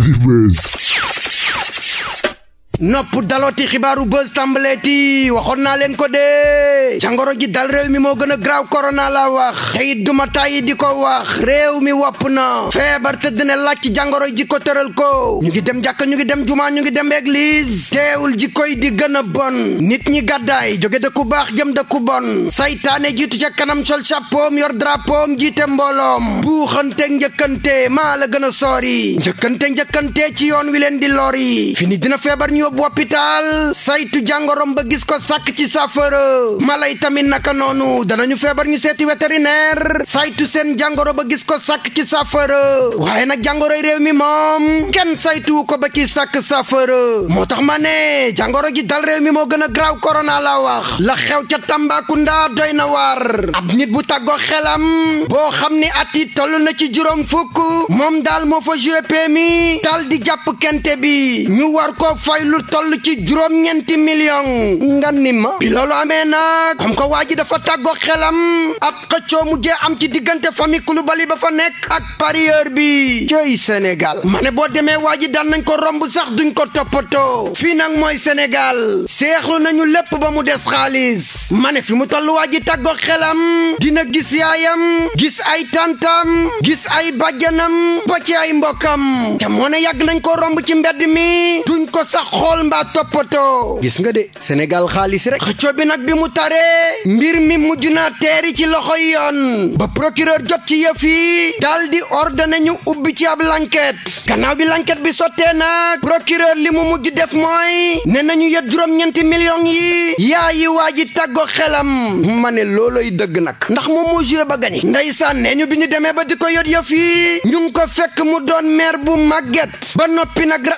Heavy Mess. nopp dalooti xibaaru buzz tàmbaleeti waxoon naa leen ko dee jàngoro ji dal réew mi moo gën a graaw korona la wax tey duma tàyyi di ko wax réew mi wopp na feebar tëdd ne laaj ci jàngoro ji ko tëral ko ñu ngi dem jàkka ñu ngi dem jumaa ñu ngi dem église teewul ji koy di gën a bon nit ñi gàddaay jóge dëkku baax jëm dëkku bon saytaane jiitu ca kanam sol chapeau am yor drapeau am jiite mbooloom buuxante njëkkante maa la gën a soori njëkkante njëkkante ci yoon wi leen di lori yóbbu hôpital saytu jàngorom ba gis ko sàkk ci saafara yi tamit naka noonu danañu feebar ñu seeti vétérinaire saytu seen jàngoro ba gis ko sàkk ci saafara waaye nag réew mi moom kenn saytu ko ba ci sàkk saafara moo tax ma ne jàngoro ji dal réew mi moo gën a graaw corona la wax la xew ca Tambacounda doy na waar ab nit bu tàggoo xelam boo xam ni at yi na ci juróom fukk moom daal moo fa joué mi dal di jàpp kente bi ñu war ko faylu lu toll ci juróom-ñeenti million nga ma bi loolu amee nag comme que waa ji dafa tàggoo xelam ab xëccoo mujjee am ci diggante famille bali ba fa nekk ak parieur bi cëy Sénégal ma ne boo demee waa ji daan nañ ko romb sax duñ ko toppatoo fii nag mooy Sénégal seexlu nañu lépp ba mu des xaalis ma fi mu toll waa ji tàggoo xelam dina gis yaayam gis ay tantam gis ay bàjjanam ba ci ay mbokkam te moo ne yàgg nañ ko romb ci mbedd mi duñ ko sax xool mbaa toppatoo gis nga de Sénégal xaalis rek xëccoo bi nag bi mu taree mbir mi mujj naa teeri ci loxo yoon ba procureur jot ci yëf yi daal di ordonné ñu ubbi ci ab l'enquête gannaaw bi l'enquête bi sottee nag procureur li mu mujj def mooy ne nañu yët juróom-ñeenti millions yi yaa yi waa ji tàggo xelam ma ne looloy dëgg nag ndax moom moo joué ba gañe ndeysaan nee ñu bi ñu demee ba di ko yot yëf yi ñu ngi ko fekk mu doon maire bu màgget ba noppi nag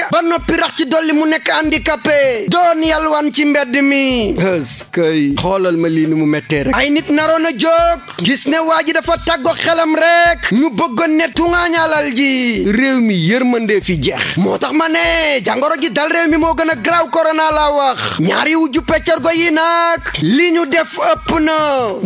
ca ba noppi rax ci dolli mu nekk handicapé doon yalwaan ci mbedd mi ëskay xoolal ma lii ni mu méttee rek ay nit naroon a jóg gis ne waa ji dafa taggo xelam rek ñu bëggoon ne tuŋaañalal ji réew mi yërmandee fi jeex moo tax ma ne jàngoro ji dal réew mi moo gën a graw korona la wax ñaari wujju peccorgo yi li ñu def ëpp na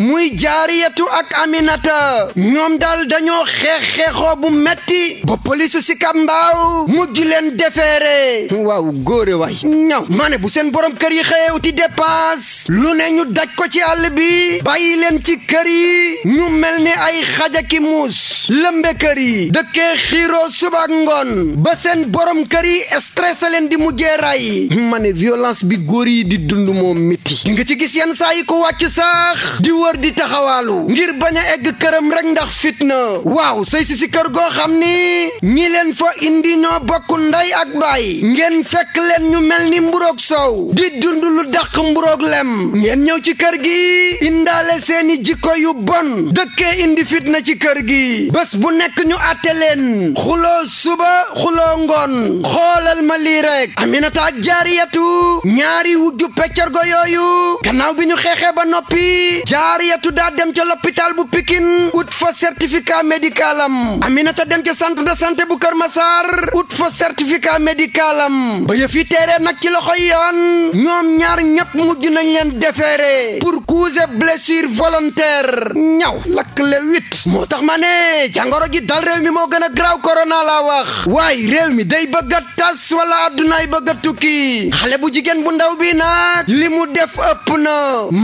muy jaariyatu ak aminata ñoom dal dañoo xeex xeexoo bu metti ba polisu si kambaaw mujj leen defe réeré waaw góore waay ñaw ma bu seen borom kër yi xëyee uti dépense lu ne ñu daj ko ci àll bi bàyyi leen ci kër yi ñu mel ni ay xajaki ki muus lëmbe kër yi dëkkee xiiroo suba ngoon ba seen borom kër yi stressé leen di mujjee ray ma ne violence bi góor yi di dund moom miti di nga ci gis yenn saa yi ko wàcc sax di wër di taxawaalu ngir bañ a egg këram rek ndax fitna waaw sëy si si kër goo xam ni ñi leen fa indi ñoo bokk nday ak baay ngeen fekk leen ñu mel ni mburoog soow di dund lu dàq mburoog lem ngeen ñëw ci kër gi indaale seeni jikko yu bon dëkkee indi fitna ci kër gi bés bu nekk ñu àtte leen xuloo suba xuloo ngoon xoolal ma lii rek aminata ak jaariyatu ñaari wujju peccorgo yooyu gannaaw bi ñu xeexee ba noppi jaariyatu daa dem ca l'hôpital bu pikin ut fa certificat médical am aminata dem ca centre de santé bu Kër Massar ut fa certificat médical am ba yëf yi teeree nag ci loxoy yoon ñoom ñaar ñëpp mujj nañ leen déféré pour cause blessure volontaire ñaw lakk le huit moo tax ma ne jàngoro ji dal réew mi moo gën a graaw corona laa wax waaye réew mi day bëgg a tas wala addunaay bëgg a tukki xale bu jigéen bu ndaw bi nag li mu def ëpp na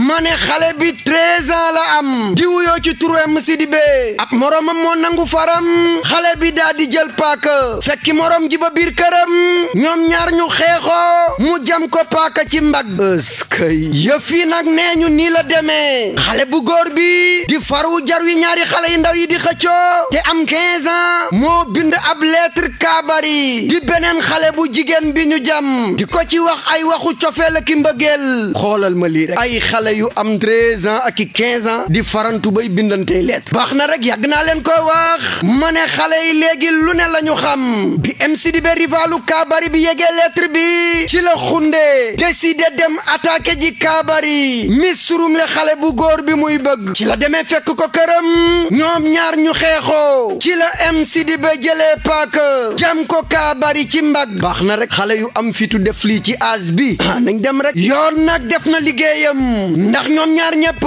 ma ne xale bi treize ans la am di wuyoo ci turam Sidibé ab moromam moo nangu faram xale bi daa di jël paaka fekki morom ba biir jëm ñoom ñaar ñu xeexoo mu jam ko paaka ci mbag ëskay yëf yi nag nee ñu nii la demee xale bu góor bi di faru jar wi ñaari xale yi ndaw yi di xëccoo te am 15 ans moo bind ab lettre kaabari di beneen xale bu jigéen bi ñu jam di ko ci wax ay waxu cofeel ak mbëggeel xoolal ma lii rek ay xale yu am 13 ak i 15 ans di farantu bay bindantey lettre baax na rek yàgg naa leen ko wax ma xale yi léegi lu ne lañu xam bi MC Dibé rival njabalu kaabari bi yegee lettre bi ci la xunde décidé dem attaqué ji kaabari mis surum le xale bu góor bi muy bëgg ci la demee fekk ko këram ñoom ñaar ñu xeexoo ci la M Sidibé jëlee paaka jam ko kaabari ci mbagg baax na rek xale yu am fitu def lii ci âge bi ah, nañ dem rek yoon nag def na liggéeyam ndax ñoom ñaar ñëpp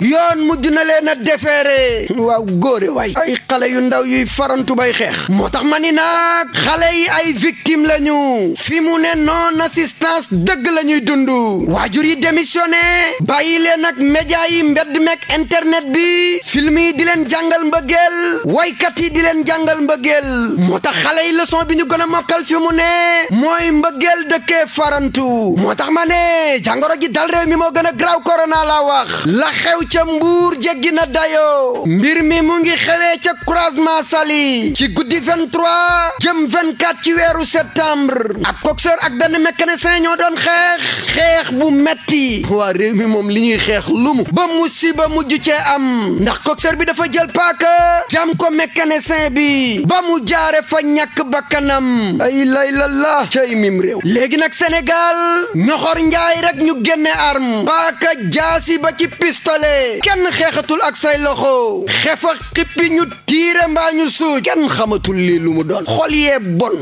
yoon mujj na leen a defeere waaw góore waay ay xale yu ndaw yuy farantu bay xeex moo tax ma ni nag xale yi ay victime victime lañu fi mu ne non assistance dëgg la ñuy dund waajur yi démissionné bàyyi leen nag média yi mbedd meek internet bi film yi di leen jàngal mbëggeel waykat yi di leen jàngal mbëggeel moo tax xale yi leçon bi ñu gën a mokkal fi mu ne mooy mbëggeel dëkkee farantu moo tax ma ne jàngoro ji dal réew mi moo gën a graw korona la wax la xew ca mbuur jéggi na dayo mbir mi mu ngi xewee ca croisement sali ci guddi 23 jëm 24 ci weeru septembre ab coxeur ak benn mécanicien ñoo doon xeex xeex bu metti waa réew mi moom li ñuy xeex lumu ba musiba mujj cee am ndax coxeur bi dafa jël paaka jam ko mécanicien bi ba mu jaare fa ñàkk bakkanam ay lay la la cay mim réew léegi nag senegal ñoxor njaay rek ñu génne arme paaka jaasi ba ci pistolet kenn xeexatul ak say loxo xefa xippi ñu tiire mbaa ñu suuj kenn xamatul lii lu mu doon xol yee bon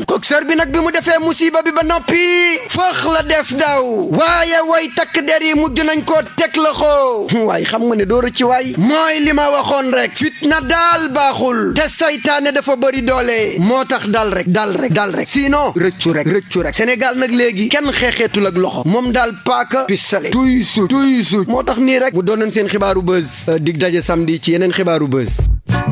bi mu defee musiba bi ba noppi fëx la def daw waaye way takk der yi mujj nañ koo teg loxo xam nga ne dóora ci waay mooy li ma waxoon rek fitna daal baaxul te seytaane dafa bëri doole moo tax daal rek dal rek dal rek sinon rëccu rek rëccu rek Sénégal nag léegi kenn xeexeetul ak loxo moom daal paaka pistale tuy suut tuy suut moo tax nii rek bu doonoon seen xibaaru buzz euh, dig daje sam samedi ci yeneen xibaaru buzz